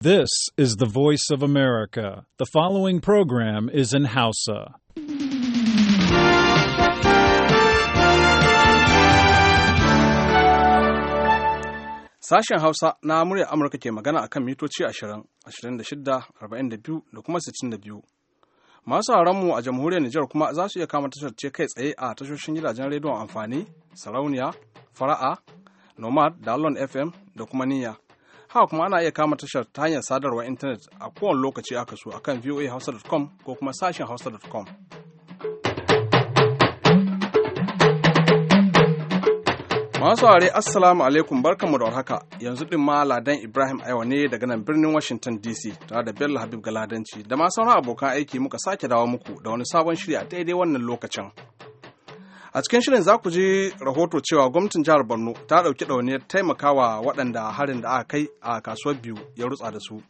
This is the voice of America. The following program is in Hausa. Sashen Hausa na murya Amurka ke magana akan mitoci 20, 26, 42 da kuma 62. Masu mu a jamhuriyar Nijar kuma za su iya kama tashar ce kai tsaye a tashoshin gidajen rediyon amfani, sarauniya, fara'a, nomad da FM da kuma niyya. haka kuma ana iya kama tashar ta hanyar sadarwar intanet a kowane lokaci aka so akan voahausa.com ko kuma sashen hausa.com Masu ware assalamu alaikum barkanmu da warhaka yanzu ɗin ma Ladan Ibrahim Aiwa ne daga nan birnin Washington DC tare da Bello Habib Galadanci da ma sauran abokan aiki muka sake dawo muku da wani sabon shiri a daidai wannan lokacin. a cikin shirin za ku ji rahoto cewa gwamnatin jihar borno ta ɗauki ɗauniyar taimakawa waɗanda harin da aka kai a kasuwar biyu ya rutsa da su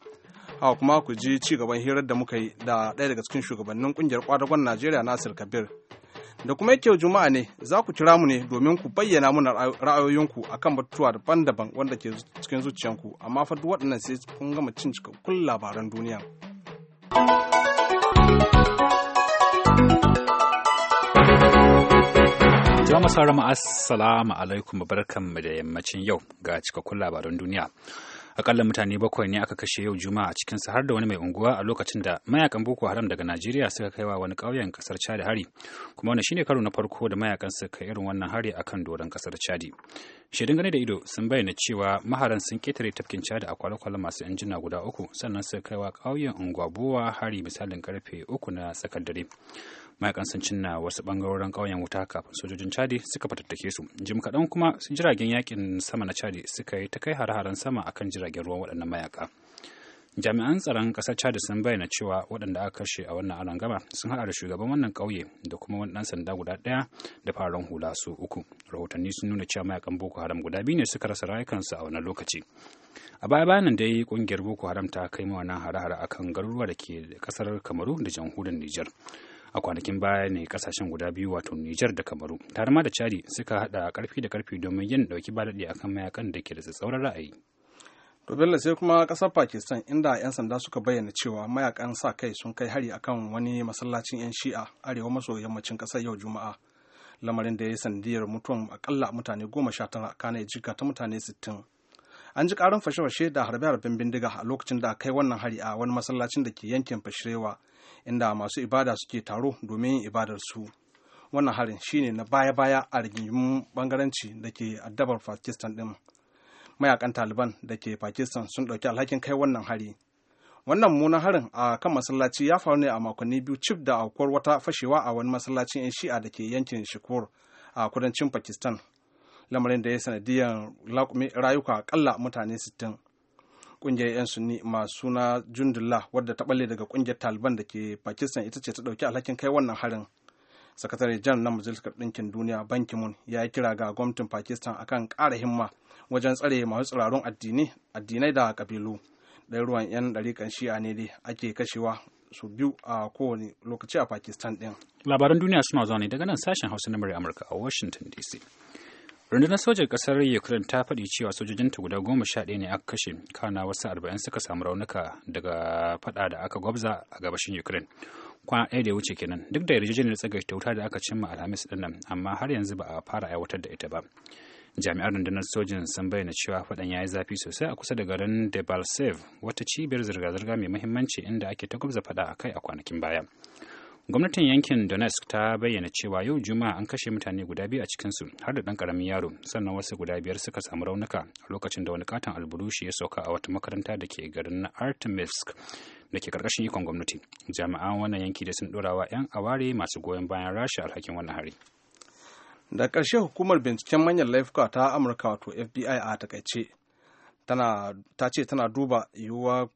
Hawa kuma ku ji ci gaban hirar da muka yi da ɗaya daga cikin shugabannin ƙungiyar kwadagon najeriya nasir kabir da kuma yake juma'a ne za ku kira mu ne domin ku bayyana muna ra'ayoyinku akan batutuwa daban-daban wanda ke cikin zuciyanku amma fa duk waɗannan sai kun gama cin cikakkun labaran duniya. Jama'a assalamu alaikum barkanmu da yammacin yau ga cikakkun labaran duniya. akalla mutane bakwai ne aka kashe yau juma'a cikin har da wani mai unguwa a lokacin da mayakan boko haram daga najeriya suka kaiwa wani ƙauyen kasar chad hari kuma wannan shine karo na farko da mayakan suka irin wannan hari akan doron kasar shi shaidun gane da ido sun bayyana cewa maharan sun ketare tafkin chad a kwale-kwale masu injina guda uku sannan suka kaiwa ƙauyen unguwa hari misalin karfe uku na tsakar dare mayakan sun cinna wasu bangarorin ƙauyen wuta kafin sojojin chadi suka fatattake su jim kaɗan kuma jiragen yakin sama na chadi suka yi ta kai har-haren sama akan jiragen jiragen ruwan waɗannan mayaka jami'an tsaron ƙasar chad sun bayyana cewa waɗanda aka kashe a wannan arangama sun haɗa da shugaban wannan ƙauye da kuma wani ɗan sanda guda ɗaya da fararen hula su uku rahotanni sun nuna cewa mayakan boko haram guda biyu ne suka rasa rayukansu a wannan lokaci a baya bayanan da yi ƙungiyar boko haram ta kai mawana hare-hare a kan garuruwa da ke ƙasar kamaru da jamhuriyar nijar a kwanakin baya ne kasashen guda biyu wato Nijar da Kamaru tare ma da Chadi suka haɗa karfi da karfi domin yin dauki ba daɗi akan mayakan da ke da tsatsauran ra'ayi. to bello sai kuma kasar pakistan inda 'yan sanda suka bayyana cewa mayakan sa kai sun kai hari akan wani masallacin 'yan shi'a arewa maso yammacin ƙasar yau juma'a lamarin da ya yi sandiyar mutuwan akalla mutane goma sha tara kana jika ta mutane sittin an ji karin fashe-fashe da harbe-harben bindiga a lokacin da kai wannan hari a wani masallacin da ke yankin fashirewa inda masu ibada suke taro domin yin ibadar su wannan harin shine na baya-baya a rigingimun bangaranci da ke addabar pakistan din mayakan taliban da ke pakistan sun ɗauki alhakin kai wannan hari wannan munan harin a kan masallaci ya faru ne a makonni biyu cif da aukuwar wata fashewa a wani masallacin 'yan shi'a da ke yankin shikur a kudancin pakistan lamarin da ya sanadiyar rayuka akalla mutane 60 ƙungiyar 'yan sunni masu suna jundullah wadda ta balle daga kungiyar taliban da ke pakistan ita ce ta ɗauki alhakin kai wannan harin sakatare jan na majalisar ɗinkin duniya ban mun ya kira ga gwamnatin pakistan akan ƙara himma wajen tsare masu tsirarun addinai da kabilu ruwan 'yan ɗarikan shi'a ne dai ake kashewa su biyu a kowane lokaci a pakistan ɗin labaran duniya suna zuwa ne daga nan sashen hausa na amurka a washington dc rundunar sojan ƙasar ukraine ta faɗi cewa sojojinta guda goma sha ɗaya ne aka kashe kana wasu arba'in suka samu raunuka daga faɗa da aka gwabza a gabashin ukraine kwana ɗaya da ya wuce kenan duk da yarjejeniyar tsagaita wuta da aka cimma alhamis ɗin nan amma har yanzu ba a fara aiwatar da ita ba jami'ar rundunar sojin sun bayyana cewa faɗan ya yi zafi sosai a kusa da garin debalsev wata cibiyar zirga-zirga mai muhimmanci inda ake ta gwabza fada a kai a kwanakin baya gwamnatin yankin donetsk ta bayyana cewa yau juma'a an kashe mutane guda biyu a cikinsu har da ɗan ƙaramin yaro sannan wasu guda biyar suka samu raunuka a lokacin da wani katon alburushi ya sauka a wata makaranta da ke garin artemisk da ke karkashin ikon gwamnati jami'an wannan yanki da sun ɗora wa 'yan aware masu goyon bayan rasha alhakin wannan hari da ƙarshe hukumar binciken manyan laifuka ta amurka wato fbi a takaice ta ce tana duba yiwuwa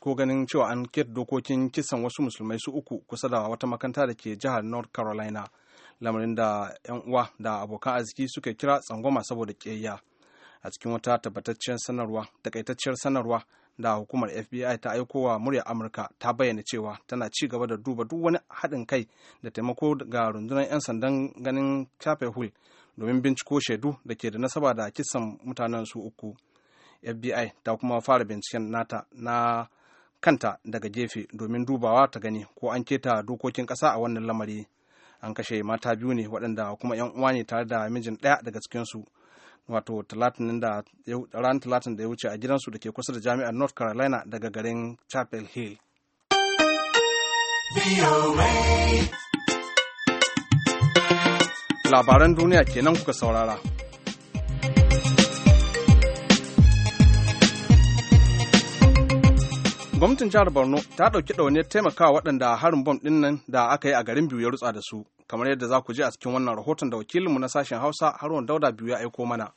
ko ganin cewa an keta dokokin kisan wasu musulmai su uku kusa da wata makanta da ke jihar north carolina lamarin da 'yan uwa da abokan arziki suka kira tsangwama saboda ƙeya a cikin wata tabbatacciyar sanarwa takaitacciyar sanarwa da hukumar FBI ta aiko wa murya Amurka ta bayyana cewa tana ci gaba da duba duk wani haɗin kai da taimako ga rundunar 'yan sandan ganin Chapel domin binciko shaidu da ke da nasaba da kisan mutanen su uku. FBI ta kuma fara binciken nata na kanta daga gefe domin dubawa ta gani ko an keta dokokin ƙasa a wannan lamari. An kashe mata biyu ne waɗanda kuma 'yan uwa ne tare da mijin ɗaya daga cikinsu. su. wato ran talatin da ya wuce a gidansu da ke kusa da jami'ar north carolina daga garin chapel hill labaran duniya kenan kuka saurara gwamnatin jihar borno ta ɗauki ɗauniyar taimakawa waɗanda harin bom ɗin nan da aka yi a garin biyu ya rutsa da su kamar yadda za ku ji a cikin wannan rahoton da wakilinmu na sashen hausa haruwan dauda biyu ya aiko mana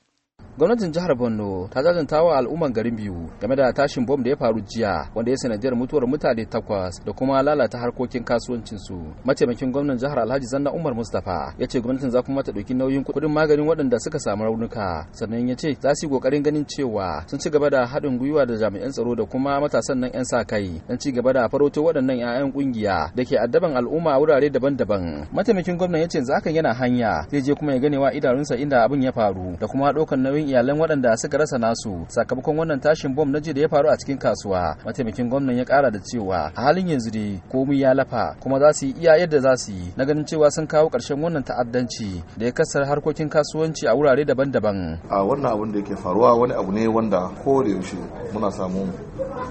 gwamnatin jihar borno ta jajanta wa al'umman garin biyu game da tashin bom da ya faru jiya wanda ya sanadiyar mutuwar mutane takwas da kuma lalata harkokin kasuwancinsu mataimakin gwamnan jihar alhaji zanna umar mustapha ya ce gwamnatin za kuma ta ɗauki nauyin kuɗin maganin waɗanda suka samu raunuka sannan ya ce za su yi ƙoƙarin ganin cewa sun ci gaba da haɗin gwiwa da jami'an tsaro da kuma matasan nan 'yan sa kai don ci gaba da farauto waɗannan 'ya'yan ƙungiya da ke addaban al'umma a wurare daban-daban mataimakin gwamnan ya ce za yana hanya zai je kuma ya gane wa idanunsa inda abin ya faru da kuma ɗaukan nauyin iyalan waɗanda suka rasa nasu sakamakon wannan tashin bom na jiya da ya faru a cikin kasuwa mataimakin gwamnan ya kara da cewa a halin yanzu dai komai ya lafa kuma za su yi iya yadda za su yi na ganin cewa sun kawo ƙarshen wannan ta'addanci da ya kasar harkokin kasuwanci a wurare daban-daban a wannan abin da yake faruwa wani abu ne wanda ko da yaushe muna samun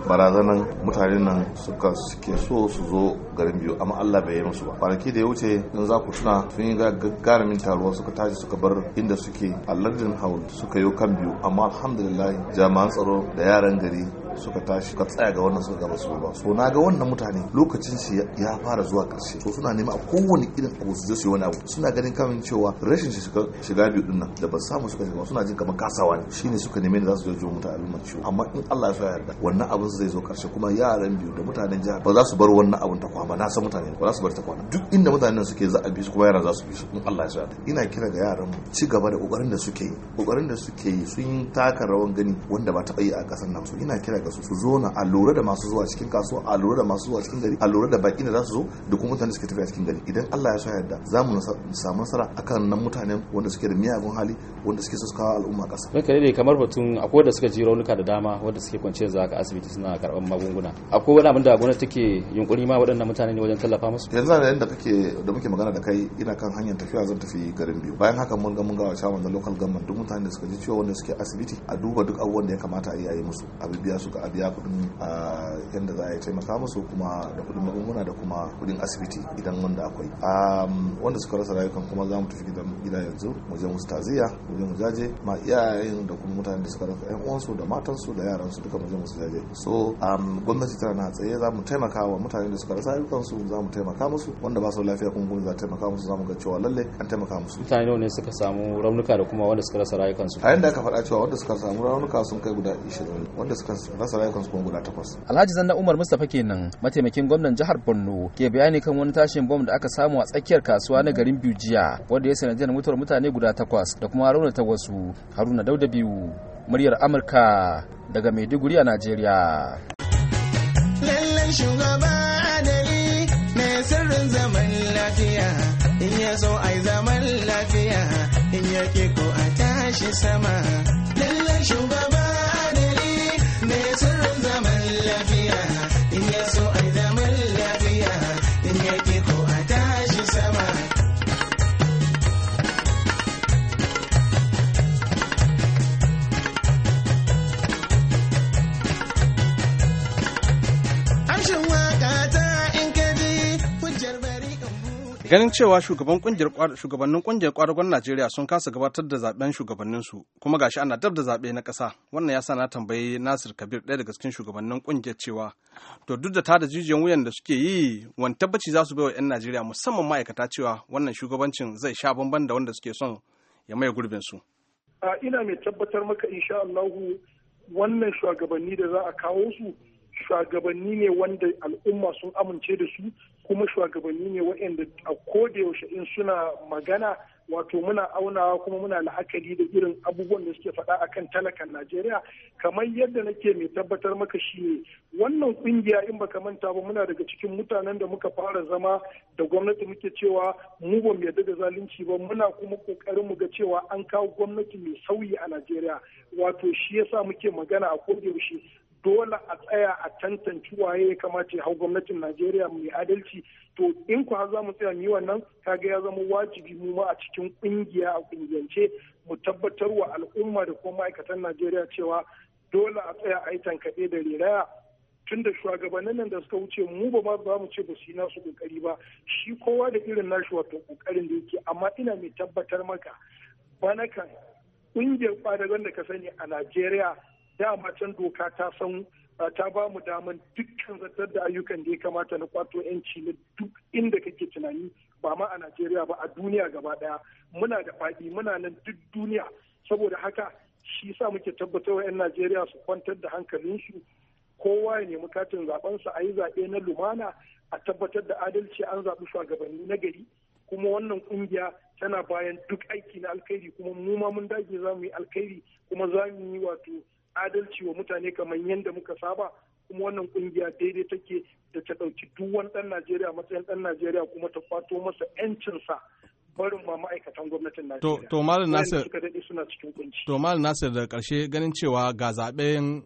barazanan mutanen nan suka suke so su zo garin biyu amma Allah bai yi musu ba kwanaki da ya wuce in za ku tuna sun yi gagarumin taruwa suka tashi suka bar inda suke a lardin haul suka yi kan biyu amma alhamdulillah jami'an tsaro da yaran gari suka tashi suka tsaya ga wannan suka gaba su ba so na ga wannan mutane lokacin shi ya fara zuwa karshe so suna nema a kowane irin abu su su wani abu suna ganin kamin cewa rashin shi shiga biyu din nan da ba samu suka shiga suna jin kamar kasawa ne shine suka neme ne za su jojo mutane al'umma ciwo amma in Allah ya ya yarda wannan abin zai zo karshe kuma yaran biyu da mutanen jihar ba za su bar wannan abin ta kwama na san mutane ba za su bar ta kwana duk inda mutanen suke za a bi su kuma yaran za su bi su in Allah ya yarda ina kira ga yaran mu ci gaba da kokarin da suke yi kokarin da suke yi sun taka rawan gani wanda ba ta bayyana a kasar nan so ina kira da su su zo na a lura da masu zuwa cikin kasuwa a lura da masu zuwa cikin gari a lura da baki da za su zo da kuma mutane suke tafiya cikin gari idan Allah ya sa yarda za mu samu nasara akan nan mutanen wanda suke da miyagun hali wanda suke suka kawo al'umma kasa ranka dai kamar batun akwai da suka ji raunuka da dama wanda suke kwance za ka asibiti suna karban magunguna akwai wani abin da gwamnati take yunkuri ma waɗannan mutane ne wajen tallafa musu yanzu da yanda kake da muke magana da kai ina kan hanyar tafiya zan tafi garin biyu bayan haka mun ga mun ga cewa na local government duk mutanen da suka ji cewa wanda suke asibiti a duba duk abubuwan da ya kamata a yi a yi musu a bibiya su suka a biya kuɗin yadda za a yi taimaka musu kuma da kudin magunguna da kuma kudin asibiti idan wanda akwai wanda suka rasa rayukan kuma za mu tafi gida yanzu mu je musu taziya mu je mu jaje ma iyayen da kuma mutanen da suka rasa yan uwansu da su da su duka mu je musu jaje so gwamnati tana na tsaye za mu taimaka wa mutanen da suka rasa su za mu taimaka musu wanda ba su lafiya kuma gwamnati za ta taimaka musu za mu ga cewa lalle an taimaka musu mutane nawa ne suka samu raunuka da kuma wanda suka rasa su. a yanda aka faɗa cewa wanda suka samu raunuka sun kai guda 20 wanda suka rasa yankin sukun guda takwas alhaji zanna umar mustapha kenan mataimakin gwamnan jihar borno ke bayani kan wani tashin bom da aka samu a tsakiyar kasuwa na garin Bujiya wanda ya sanadiyar mutuwar mutane guda takwas da kuma raunata wasu haruna dauda biyu muryar amurka daga maiduguri a najeriya lallai shugaba adali mai sirrin zaman lafiya in ya so ai zaman lafiya in ya ko a tashi sama lallai shugaba ganin cewa shugabannin kungiyar kwadagon najeriya sun kasa gabatar da zaben shugabannin su kuma gashi ana dab da zaɓe na ƙasa wannan ya sa na tambayi nasir kabir ɗaya daga cikin shugabannin kungiyar cewa to duk da ta da jijiyan wuyan da suke yi wani tabbaci za su bai wa 'yan najeriya musamman ma'aikata cewa wannan shugabancin zai sha bamban da wanda suke son ya maye su. ina mai tabbatar maka insha Allahu wannan shugabanni da za a kawo su shugabanni ne wanda al'umma sun amince da su kuma shugabanni ne waɗanda a kodayaushe in suna magana wato muna aunawa kuma muna la'akari da irin abubuwan da suke faɗa a kan talakan Najeriya kamar yadda nake mai tabbatar maka shi ne wannan kungiya in baka manta ba muna daga cikin mutanen da muka fara zama da gwamnati muke cewa mu ba mu yarda da zalunci ba muna kuma kokarin mu ga cewa an kawo gwamnati mai sauyi a Najeriya wato shi yasa muke magana a kodayaushe dole a tsaya a tantance waye ya kamata ya hau gwamnatin Najeriya mai adalci to in ku za mu tsaya mu yi wannan kaga ya zama wajibi mu ma a cikin kungiya a kungiyance mu tabbatar wa al'umma da kuma ma'aikatan Najeriya cewa dole a tsaya a yi tankaɗe da riraya tun da shugabannin nan da suka wuce mu ba ma za mu ce ba su yi nasu kokari ba shi kowa da irin nashi wato kokarin da yake amma ina mai tabbatar maka bana kan kungiyar kwadagon da ka sani a Najeriya dama can doka ta san uh, ta ba mu daman dukkan zartar da ayyukan da ya kamata na kwato yanci na duk inda kake tunani ba ma a Najeriya ba a duniya gaba daya muna da faɗi muna nan duk duniya saboda haka shi sa muke tabbatar wa 'yan Najeriya su kwantar da hankalin hankalinsu kowa ya nemi katin su a yi zaɓe na lumana a tabbatar da adalci an zaɓi shugabanni na gari kuma wannan kungiya tana bayan duk aiki na alkhairi kuma mu ma mun dage za mu yi alkhairi kuma za mu yi wato adalci wa mutane kamar yadda muka saba kuma wannan kungiya daidai take da ta ɗauki duk wani ɗan Najeriya matsayin ɗan Najeriya kuma ta kwato masa 'yancinsa barin ma ma'aikatan gwamnatin Najeriya. To Malam Nasir suka daɗe suna cikin kunci. To Malam Nasir da ƙarshe ganin cewa ga zaɓen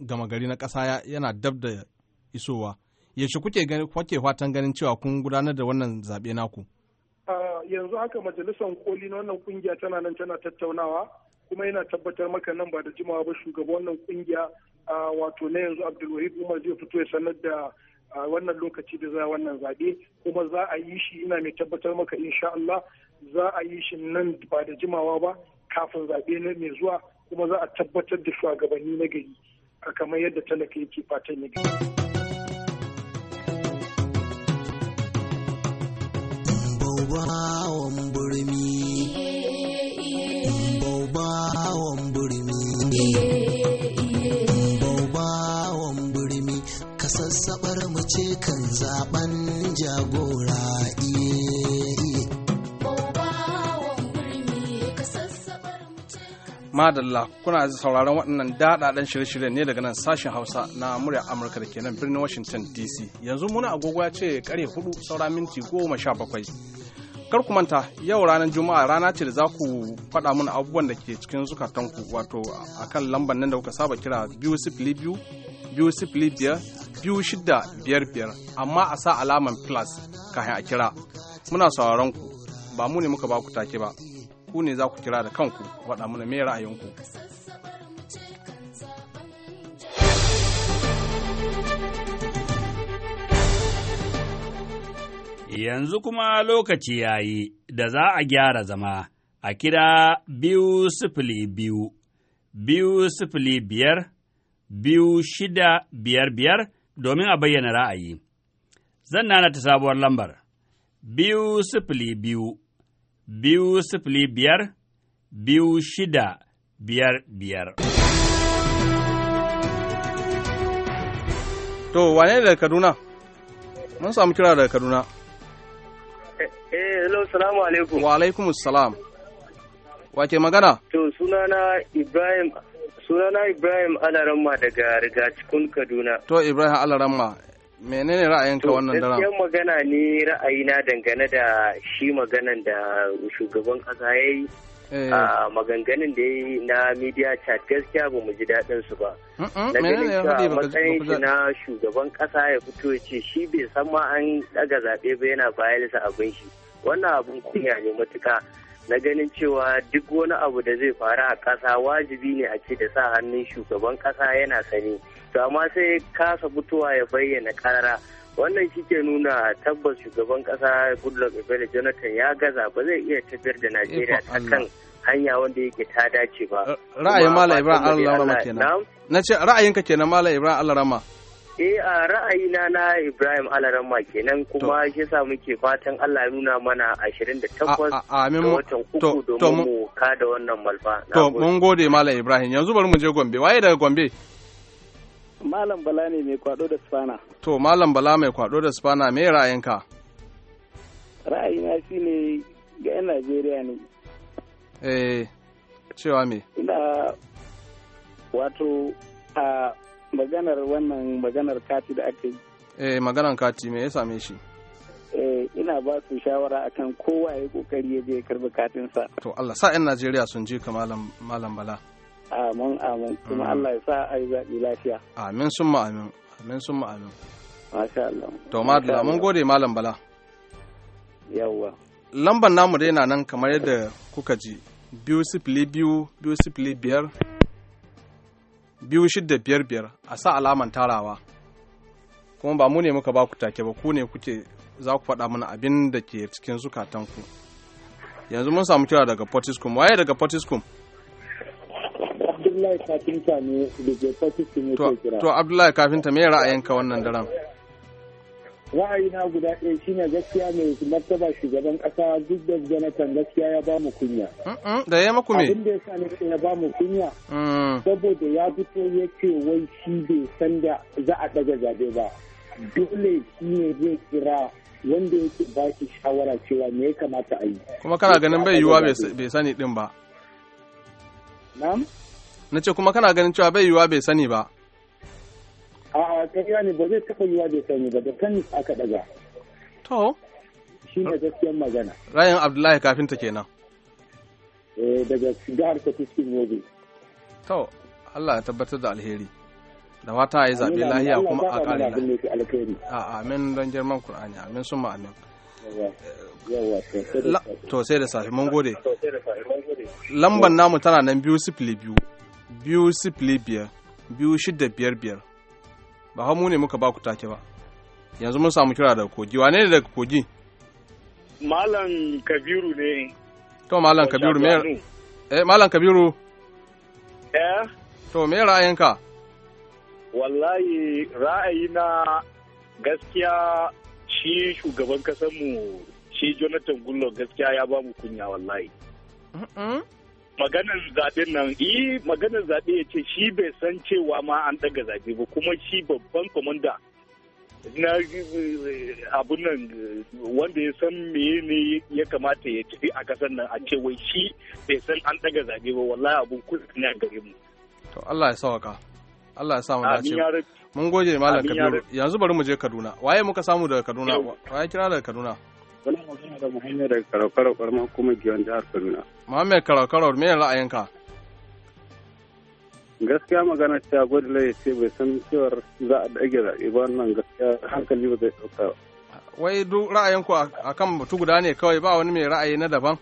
gama gari na ƙasa yana dab da isowa. Yaushe kuke gani fatan ganin cewa kun gudanar da wannan zaɓe naku? yanzu haka majalisar koli na wannan kungiya tana nan tana tattaunawa kuma yana tabbatar maka nan ba da jimawa ba shugaban wannan kungiya wato na yanzu abdulwahid umar zai fito ya sanar da wannan lokaci da za wannan zaɓe kuma za a yi shi ina mai tabbatar maka insha Allah za a yi shi nan ba da jimawa ba kafin zaɓe na mai zuwa kuma za a tabbatar da shugabanni na gari a kamar yadda talaka yake fatan ya gari. kan zaben jagora eh, eh. madalla kuna sauraron waɗannan daɗaɗen shirye shirye ne daga nan sashen hausa na murya amurka da ke nan birnin washington dc yanzu muna agogo ya ce kare hudu saura minti goma sha bakwai kar ku manta yau ranar juma'a rana ce da za ku faɗa mana abubuwan da ke cikin zukatanku wato akan lambar nan da kuka saba kira biyu sifili biyu biyu sifili biyar biyu shida biyar biyar amma a sa alaman plus kafin a kira muna sauraron ku ba mu ne muka ba ku take ba ku ne za ku kira da kanku faɗa mana ra'ayinku Yanzu kuma lokaci ya yi da za a gyara zama a kira biyu sifili biyu, biyu sifili biyar, biyu shida biyar biyar domin a bayyana ra'ayi. Zan nana ta sabuwar lambar biyu sifili biyu, biyu sifili biyar, biyu shida biyar biyar. To, wane daga Kaduna? Mun samu kira daga Kaduna. Eh, eh hello, salamu alaikum. Wa alaikum salam. magana? To, sunana Ibrahim Sunana Ibrahim Alaramma daga Rigacikun Kaduna. To Ibrahim Alaramma, menene ra'ayinka wannan daren? Gaskiyar magana ne ra'ayina dangane da shi maganan da shugaban kasa ya yi eh. a maganganun da ya yi na media chat gaskiya ba mu ji daɗin su ba. Na ganin ka matsayin shi na shugaban kasa ya fito ya ce shi bai san ma an ɗaga zaɓe ba yana bayar sa abin shi. Wannan abin kunya ne matuka. na ganin cewa duk wani abu da zai faru a ƙasa wajibi ne a ce da sa hannun shugaban ƙasa yana sani to amma sai kasa fitowa ya bayyana karara wannan shi ke nuna tabbas shugaban ƙasa goodluck ebele jonathan ya gaza ba zai iya tafiyar da najeriya ta kan hanya wanda yake ta dace ba ra'ayin malam ibrahim allah rama kenan na ce ra'ayinka kenan malam ibrahim allah rama Eh a ra'ayina na Ibrahim Alaramma kenan kuma shi sa muke fatan Allah nuna mana 28 da watan uku domin mu kada wannan malfa. To mun gode Malam Ibrahim yanzu bari mu je Gombe waye daga Gombe? Malam Bala ne mai kwado da Spana. To Malam Bala mai kwado da Spana me ra'ayinka? Ra'ayina shine ga 'yan Najeriya ne. Eh cewa me? Ina wato a maganar wannan maganar kati da aka yi eh maganar kati me ya same shi eh ina ba su shawara akan kowa ya kokari ya je karbi katinsa to Allah sa 'yan Najeriya sun je ka malam malam Bala amin amin kuma mm. Allah ya sa a yi zaɓi lafiya amin sun ma amin amin sun ma amin masha Allah to madalla mun gode malam Bala yawwa lambar namu dai na nan kamar yadda kuka ji biyu sifili biyu biyu sifili biyar biyu da biyar biyar a sa alaman tarawa kuma ba mu ne muka ba ku take ba ku ne kuke za ku faɗa mana abin da ke cikin zukatanku yanzu mun samu kira daga potiskum waye daga potiskum abdullahi kafinta ne da ke potiskum ya kira to abdullahi kafinta me ra'ayinka wannan daren na guda ɗaya shine gaskiya mai martaba shugaban ƙasa duk da jonathan gaskiya ya ba mu kunya da ya maku me abin da ya sa ne ya ba mu kunya mm. saboda ya fito ya ce wai shi bai san da za a ɗaga zaɓe ba dole shi ne zai kira wanda yake ba shi shawara cewa me ya kamata a yi kuma kana ganin bai yiwuwa bai sani din ba na ce kuma kana ganin cewa bai yiwuwa bai sani ba a kariya ne ba zai taɓa yiwa bai sani ba da kan aka ɗaga. To. Shi ne gaskiyar magana. Rayan Abdullahi kafin ta kenan. Eh daga jihar cikin Gobe. To Allah ya tabbatar da alheri. da wata a yi zaɓe lahiya kuma a ƙari a amin don girman kur'ani amin suma amin to sai da safe mun gode Lamban namu tana nan biyu sifili biyu biyu sifili biyar biyu shidda biyar biyar ba hamu ne muka ba ku take ba yanzu mun samu kira daga kogi wane ne daga kogi malam kabiru ne to malam kabiru me eh malam kabiru eh to me ra'ayinka wallahi ra'ayina gaskiya shi shugaban kasanmu shi jonathan gullo gaskiya ya ba mu kunya wallahi maganar zaɓen nan yi eh, maganar zaɓe ya ce shi bai san cewa ma an ɗaga zaɓe ba kuma shi babban kwamanda na eh, abun nan wanda ya san meye ne ya kamata ya tafi a ƙasar nan a ce wai shi bai san an ɗaga zaɓe ba wallahi abun kusa ne a gare mu. to Allah ya sawaka Allah ya sa mu dace mun gode malam Kabiru yanzu bari mu je Kaduna waye muka samu daga Kaduna waye kira daga Kaduna. Kuna magana da Muhammad daga Karokaro ƙwarma hukumar Giyon jihar Kaduna. Muhammad Karokaro me ra'ayinka? Gaskiya magana cewa gwada ya ce bai san cewar za a dage zaɓe ba wannan gaskiya hankali ba zai ɗauka ba. Wai duk ra'ayinku a kan batu guda ne kawai ba wani mai ra'ayi na daban?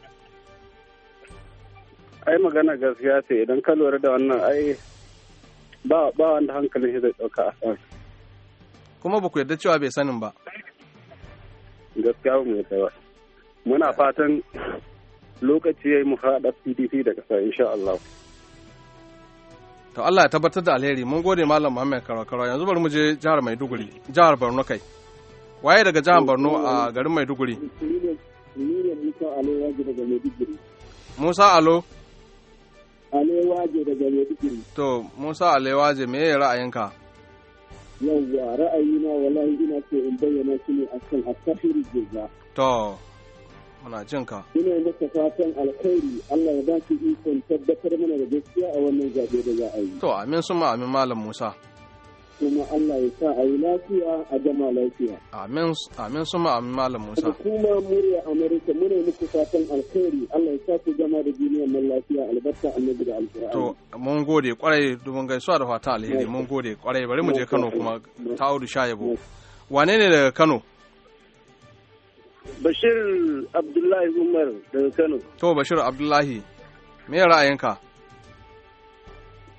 Ai magana gaskiya ce idan ka lura da wannan ai ba wanda hankalin shi zai ɗauka a san. Kuma ba ku yarda cewa bai sanin ba. gaskiya mu ya ba muna fatan lokaci ya yi mu haɗa pdp da ƙasa insha Allah. to Allah ya tabbatar da alheri mun gode malam Muhammad Karakaro yanzu bari mu je jihar Maiduguri jihar Borno kai waye daga jihar Borno a garin Maiduguri Musa Alo Alewaje daga Maiduguri to Musa Alewaje me ya ra'ayinka yawwa na, wallahi ina so in bayyana shi ne akan asahiri jirga to muna jin ka ina maka fatan alkhairi Allah ya ba ki ikon tabbatar mana da gaskiya a wannan zaɓe da za a yi to amin suma amin malam Musa kuma Allah ya sa a yi lafiya a jama lafiya. Amin amin suma amin malam Musa. Kuma murya Amurka muna yi muku fatan alkhairi Allah ya sa ku jama da duniya mai lafiya albarka annabi da alkhairi. To mun gode kwarai domin gaisuwa da fatan alheri mun gode kwarai bari mu je Kano kuma ta sha yabo. Wane ne daga Kano? Bashir Abdullahi Umar daga Kano. To Bashir Abdullahi me ra'ayinka?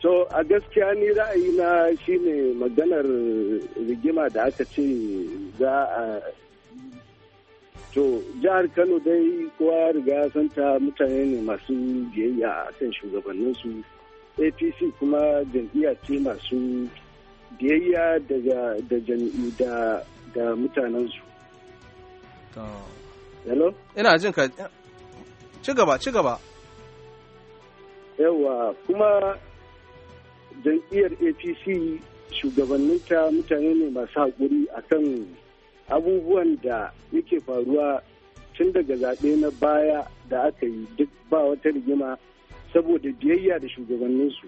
To a gaskiya ni ra'ayina shine maganar rigima da aka ce za a to jihar Kano dai kowa riga santa mutane ne masu biyayya a kan shugabanninsu APC kuma jam'iyya ce masu biyayya da jam'i da da mutanensu. Hello? Ina jin ka ci gaba ci gaba. Yawa kuma jam'iyyar apc shugabanninta mutane ne masu haƙuri akan abubuwan da yake faruwa tun daga zaɓe na baya da aka yi duk ba wata rigima saboda biyayya da shugabanninsu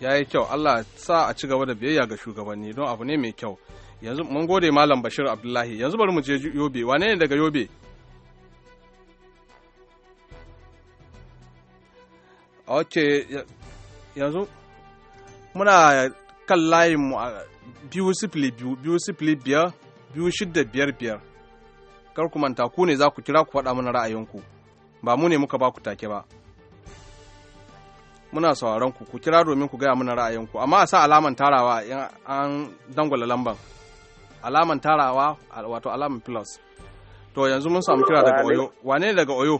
ya yi kyau allah sa a ci gaba da biyayya ga shugabanni don abu ne mai kyau yanzu mun gode malam bashir abdullahi yanzu bari mu je yobe wane ne daga yobe ok yanzu muna kan layin mu a biyu sifili biyu biyu sifili biyar biyu shidda biyar biyar kar ku manta ku ne za ku kira ku faɗa mana ra'ayinku ba mu ne muka ba ku take ba muna sauraron ku ku kira domin ku gaya mana ra'ayinku amma a sa alaman tarawa in an dangwala lamban alaman tarawa wato alaman plus to yanzu mun samu kira daga oyo wane daga oyo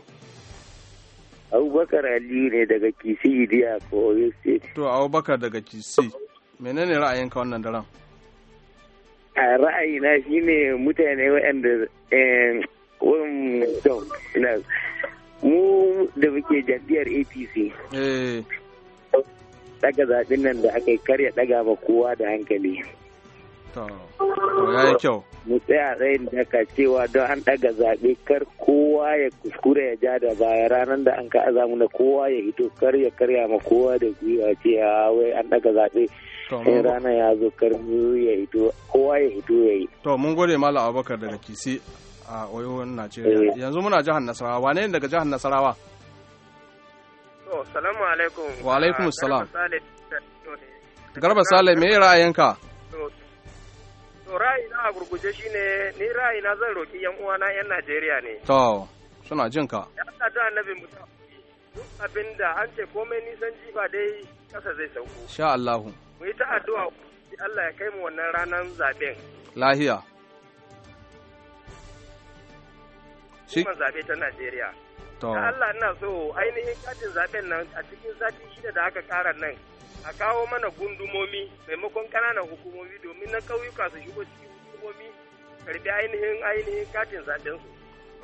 Abubakar Ali ne daga Kisi Idiya ko Oyo State. To Abubakar daga Kisi, menene ra'ayinka wannan daren? A shi ne mutane waɗanda eh, um, mu da muke jam'iyyar APC. Daga eh. zaɓen nan da aka yi karya daga ba kowa da hankali. To, ya yi kyau. Mu tsaya tsayin daga cewa don an daga zaɓe kar ko kowa ya kuskure ya ja da baya ranar da an ka aza na kowa ya hito kar ya karya ma kowa da gwiwa ce ya wai an daga zaɓe sai rana ya zo kar ya hito kowa ya hito ya yi. To mun gode Malam Abubakar daga Kisi a Oyon Najeriya. Eh. Yanzu muna jihar Nasarawa. Wane ne daga jihar Nasarawa? To salamu alaikum. Wa alaikum salam. Garba Sale me ra'ayinka? To ra'ayina a gurguje shine ni na zan roki yan na yan Najeriya ne. To suna jin ka. Ya ta da annabi Musa. Duk abin da an ce komai nisan jifa dai kasa zai sauko. Sha Allahu. Mu yi ta addu'a Allah ya kai mu wannan ranar zaben. Lahiya. Shi zabe ta Najeriya. To. Allah ina so ainihin katin zaben nan a cikin sati shida da aka kara nan a kawo mana gundumomi maimakon ƙananan hukumomi domin na kauyuka su shigo cikin hukumomi karbi ainihin ainihin katin zaɓen su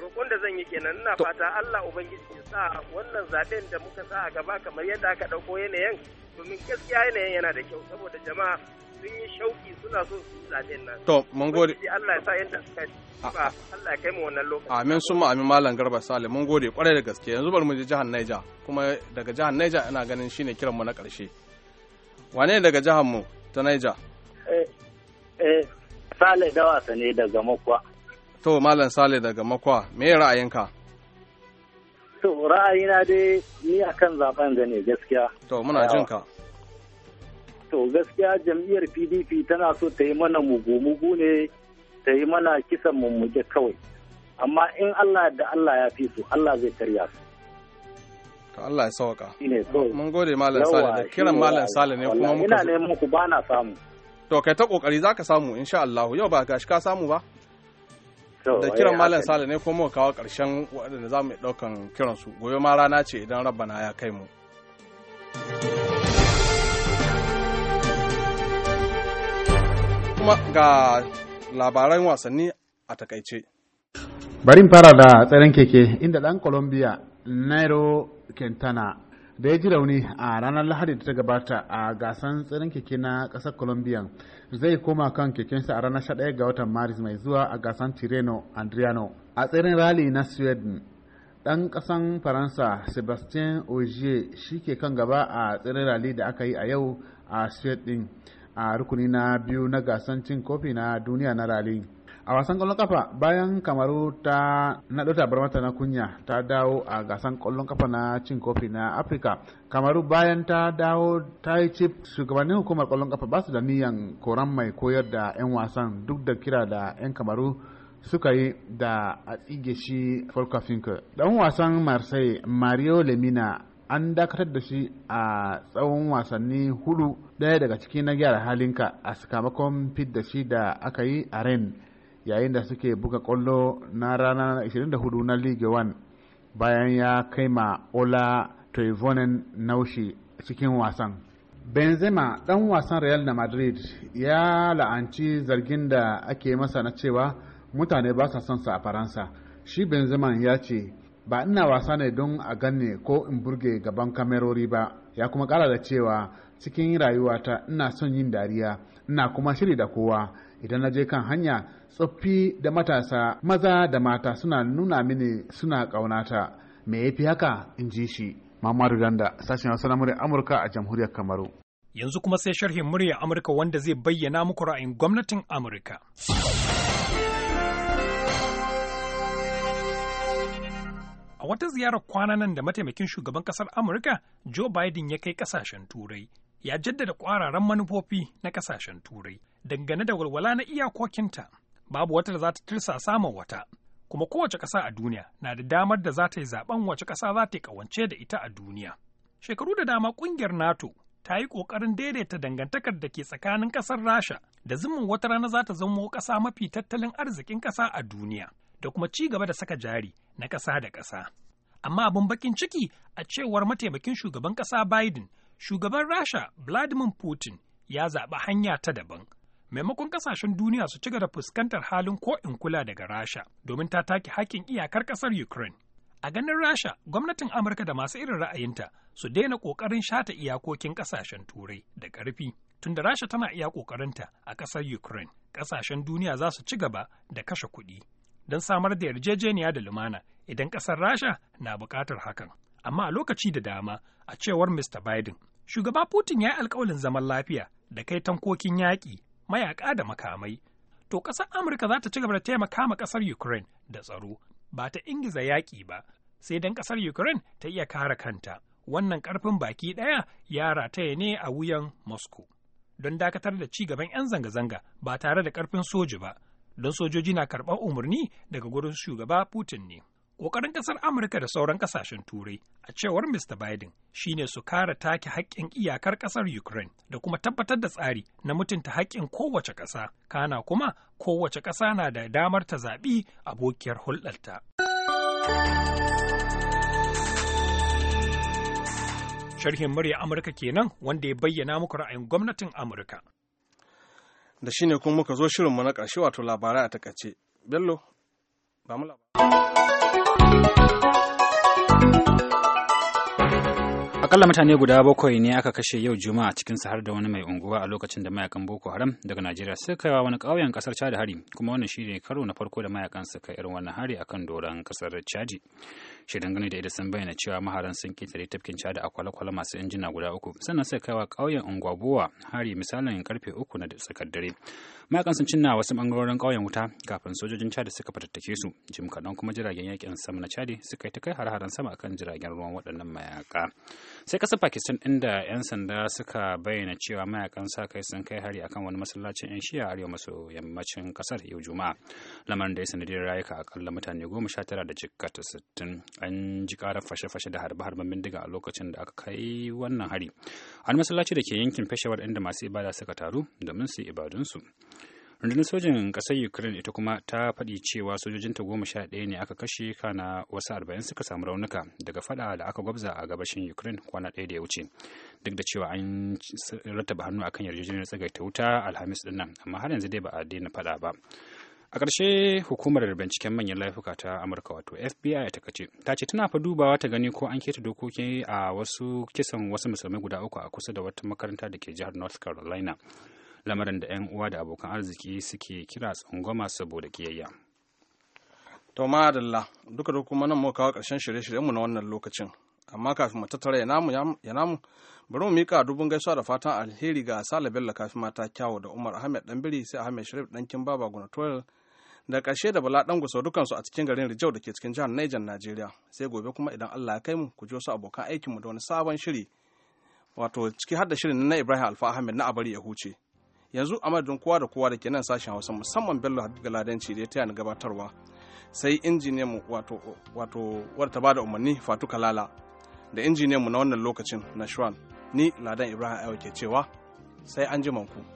roƙon da zan yi kenan ina fata Allah ubangiji ya sa wannan zaɓen da muka sa a gaba kamar yadda aka ɗauko yanayin domin gaskiya yanayin yana da kyau saboda jama'a sun yi shauki suna so su zaɓen nan to mun gode Allah ya sa yadda suka ba Allah ya kai mu wannan lokaci amin Summa amin malam garba sale mun gode kwarai da gaske yanzu bari mu je jihar Niger kuma daga jihar Niger ina ganin shine kiran mu na ƙarshe wane daga jihar mu ta Niger? Eh, eh, Sale Dawasa ne daga Makwa. To, Malam Sale daga Makwa, me ra'ayinka? To, ra'ayina dai ni akan zaben da ne gaskiya. To, muna jin ka. To, gaskiya jam'iyyar PDP tana so ta yi mana mugu-mugu ne, ta yi mana kisan mummuke kawai. Amma in Allah da Allah ya fi su, Allah zai karya su. to Allah ya sauka mun gode malam sale da kiran malam sale ne kuma muka ina neman ku ba na samu to kai ta kokari zaka samu insha Allah yau ba gashi ka samu ba da kiran eh, malam sale ne kuma muka kawo karshen waɗanda za mu ɗaukan kiran su goyo ma rana ce idan rabbana ya kai mu kuma ga labaran wasanni a takaice. Barin fara da tseren keke inda ɗan Colombia Nairo kentana da ya ji rauni a ranar lahadi da ta gabata a gasan tsirin keke na ƙasar colombian zai koma kan kekensa a ranar 11 ga watan maris mai zuwa a gasan tireno andriano a tsirin rally na sweden ɗan ƙasan faransa sebastien ogier shi ke kan gaba a tsirin rally da aka yi a yau a sweden a rukuni na biyu na gasan cin kofi na duniya na rally a wasan kwallon kafa bayan kamaru ta naɗo mata na kunya ta dawo a gasan kwallon kafa na cin kofi na afirka kamaru bayan ta dawo ta yi cif shugabannin hukumar kwallon kafa ba su da niyan koran mai koyar da 'yan wasan duk da kira da 'yan kamaru suka yi da a tsige shi Volker wasan Marseille Mario Lemina an dakatar da shi a tsawon wasanni hudu daya daga ciki na gyara halinka a sakamakon fit da shi da aka yi a Rennes. yayin da suke buga kwallo na rana 24 na league 1 bayan ya kai ma ola toivonen naushi cikin wasan benzema dan wasan real na madrid ya la'anci zargin da ake masa na cewa mutane ba sa son sa a faransa shi benzema ya ce ba ina wasa ne don a ganne ko in burge gaban kamerori ba ya kuma kara da cewa cikin rayuwata ina son yin dariya ina kuma shiri da kowa idan na je kan hanya tsoffi da matasa maza da mata suna nuna mini suna ƙaunata me fi haka in ji shi Mamadu Danda sashen Hausa namurin Amurka a jamhuriyar Kamaru yanzu kuma sai sharhin murya Amurka wanda zai bayyana muku ra'ayin gwamnatin Amurka A wata ziyarar kwana nan da mataimakin shugaban kasar Amurka, Joe Biden ya kai kasashen Turai, ya jaddada kwararan manufofi na kasashen turai dangane da walwala na iyakokinta babu wata da za ta tirsa samun wata kuma kowace ƙasa a duniya na da damar da za ta yi zaben wace ƙasa za ta yi ƙawance da ita a duniya shekaru da dama ƙungiyar nato ta yi ƙoƙarin daidaita dangantakar da ke tsakanin ƙasar rasha da zumin wata rana za ta zamo ƙasa mafi tattalin arzikin ƙasa a duniya da kuma ci gaba da saka jari na ƙasa da ƙasa amma abin bakin ciki a cewar mataimakin shugaban ƙasa biden shugaban Rasha Vladimir Putin ya zaɓi hanya ta daban. Maimakon ƙasashen duniya su ci da fuskantar halin ko in kula daga Rasha domin ta take hakkin iyakar ƙasar Ukraine. A ganin Rasha, gwamnatin Amurka da masu irin ra'ayinta su daina ƙoƙarin shata iyakokin ƙasashen Turai da ƙarfi, tunda Rasha tana iya ƙoƙarinta a ƙasar Ukraine. Ƙasashen duniya za su ci gaba da kashe kuɗi don samar da yarjejeniya da lumana idan ƙasar Rasha na buƙatar hakan. amma a lokaci da dama a cewar Mr. Biden. Shugaba Putin ya yi alkawalin zaman lafiya da kai tankokin yaƙi, mayaƙa da makamai. To ƙasar Amurka za ta ci gaba da taimaka ma ƙasar Ukraine da tsaro, ba ta ingiza yaƙi ba, sai don ƙasar Ukraine ta iya kare kanta. Wannan ƙarfin baki ɗaya ya rataya ne a wuyan Moscow. Don dakatar da ci gaban 'yan zanga-zanga ba tare da ƙarfin soji ba, don sojoji na karɓar umarni daga gurin shugaba Putin ne. Ƙoƙarin ƙasar Amurka da sauran ƙasashen Turai, a cewar Mr. Biden, shine su kare take haƙƙin iyakar ƙasar Ukraine da kuma tabbatar da tsari na mutunta haƙƙin kowace ƙasa, kana kuma kowace ƙasa na da damar ta zaɓi abokiyar hulɗarta. Sharhin murya Amurka kenan wanda ya bayyana muku ra'ayin gwamnatin Amurka. Da shi ne kuma muka zo shirinmu na ƙarshe wato labarai a takaice. Bello, ba mu labarai. akalla mutane guda bakwai ne aka kashe yau juma'a cikin sahar da wani mai unguwa a lokacin da mayakan boko haram daga najeriya suka kaiwa wani ƙauyen ƙasar chad hari kuma wannan ne karo na farko da mayakan suka irin wannan hari akan doron ƙasar Chad. shi dangane da ita sun bayyana cewa maharan sun ƙetare tafkin cada a kwale-kwale masu injina guda uku sannan sai kaiwa ƙauyen ungwabowa hari misalin karfe uku na tsakar dare mayakan sun cinna wasu bangarorin ƙauyen wuta kafin sojojin da suka fatattake su jim kaɗan kuma jiragen yakin sama na cadi suka yi ta kai har-haren sama akan jiragen ruwan waɗannan mayaka sai kasar pakistan inda 'yan sanda suka bayyana cewa mayakan sa kai sun kai hari akan wani masallacin 'yan shiya arewa maso yammacin kasar yau juma'a lamarin da ya sanadiyar rayuka akalla mutane goma sha tara da ta sittin an ji karar fashe-fashe da harbe-harben bindiga a lokacin da aka kai wannan hari an masallaci da ke yankin peshawar inda masu ibada suka taru domin su ibadunsu rundunar sojin ƙasar ukraine ita kuma ta faɗi cewa sojojinta goma sha ɗaya ne aka kashe kana wasu arba'in suka samu raunuka daga faɗa da aka gwabza a gabashin ukraine kwana ɗaya da ya wuce duk da cewa an rattaba hannu akan yarjejeniyar tsagaita wuta alhamis ɗin nan amma har yanzu dai ba a daina faɗa ba a ƙarshe hukumar binciken manyan laifuka ta amurka wato fbi ta kace ta ce tana fa dubawa ta gani ko an keta dokoki a wasu kisan wasu musulmai guda uku a kusa da wata makaranta da ke jihar north carolina lamarin da 'yan uwa da abokan arziki suke kira tsangwama saboda kiyayya. To Adalla, duka da kuma nan muka kawo ƙarshen shirye-shiryenmu na wannan lokacin. Amma kafin mu tattara ya namu bari mu mika dubun gaisuwa da fatan alheri ga sala Bello kafin mata kyawu da Umar Ahmed biri sai Ahmed Sharif Dankin Baba Gunatoyar da ƙarshe da Bala Dangu sau dukansu a cikin garin Rijau da ke cikin jihar Niger Najeriya sai gobe kuma idan Allah ya kai mu ku ji wasu abokan aikinmu da wani sabon shiri wato ciki har da shirin na Ibrahim Alfa Ahmed na Abari ya huce yanzu a madadin kowa da kowa da ke nan sashen hausa musamman bello ladanci da ya taya ni gabatarwa sai injiniyan mu wato wato wadda ta bada umarni fatu kalala da injiniyan mu na wannan lokacin na shwan ni ladan ibrahim ayo ke cewa sai an ku.